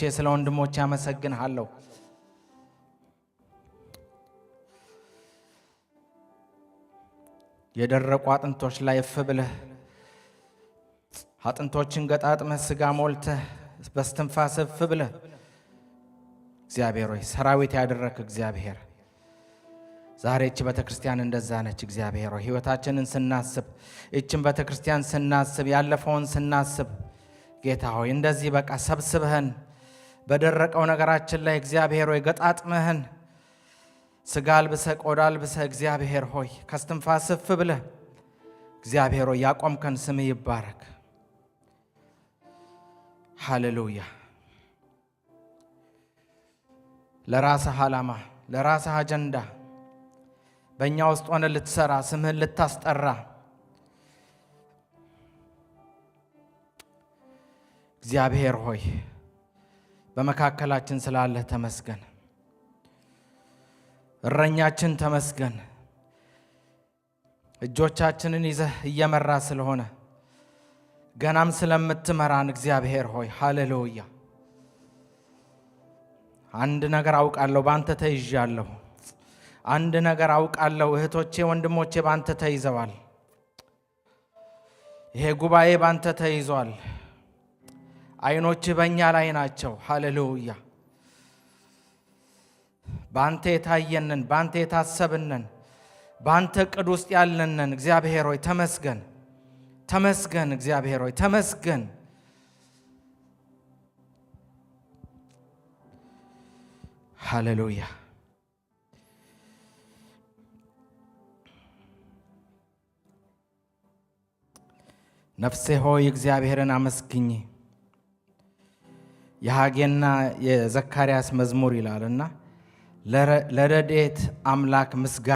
ስለእህቶቼ ስለ ወንድሞች አመሰግንሃለሁ። የደረቁ አጥንቶች ላይ እፍ ብለህ አጥንቶችን ገጣጥመህ ስጋ ሞልተህ በስትንፋስ እፍ ብለህ እግዚአብሔር ሆይ ሰራዊት ያደረክ እግዚአብሔር ዛሬ እቺ ቤተ ክርስቲያን እንደዛ ነች። እግዚአብሔር ሆይ ሕይወታችንን ስናስብ እችን ቤተ ክርስቲያን ስናስብ ያለፈውን ስናስብ ጌታ ሆይ እንደዚህ በቃ ሰብስበህን በደረቀው ነገራችን ላይ እግዚአብሔር ሆይ ገጣጥምህን ስጋ አልብሰ ቆዳ አልብሰ እግዚአብሔር ሆይ ከስትንፋ እፍ ብለ እግዚአብሔር ሆይ ያቆምከን ስም ይባረክ። ሃሌሉያ። ለራስህ ዓላማ ለራስህ አጀንዳ በእኛ ውስጥ ሆነ ልትሰራ ስምህን ልታስጠራ እግዚአብሔር ሆይ በመካከላችን ስላለህ ተመስገን። እረኛችን ተመስገን። እጆቻችንን ይዘህ እየመራ ስለሆነ ገናም ስለምትመራን እግዚአብሔር ሆይ ሃሌሉያ። አንድ ነገር አውቃለሁ፣ በአንተ ተይዣለሁ። አንድ ነገር አውቃለሁ፣ እህቶቼ ወንድሞቼ፣ በአንተ ተይዘዋል። ይሄ ጉባኤ በአንተ ተይዟል። አይኖች በእኛ ላይ ናቸው። ሃሌሉያ በአንተ የታየንን በአንተ የታሰብንን በአንተ ቅዱስ ውስጥ ያለንን እግዚአብሔር ሆይ ተመስገን፣ ተመስገን። እግዚአብሔር ሆይ ተመስገን። ሃሌሉያ ነፍሴ ሆይ እግዚአብሔርን አመስግኝ። የሐጌና የዘካርያስ መዝሙር ይላልና ለረዴት አምላክ ምስጋ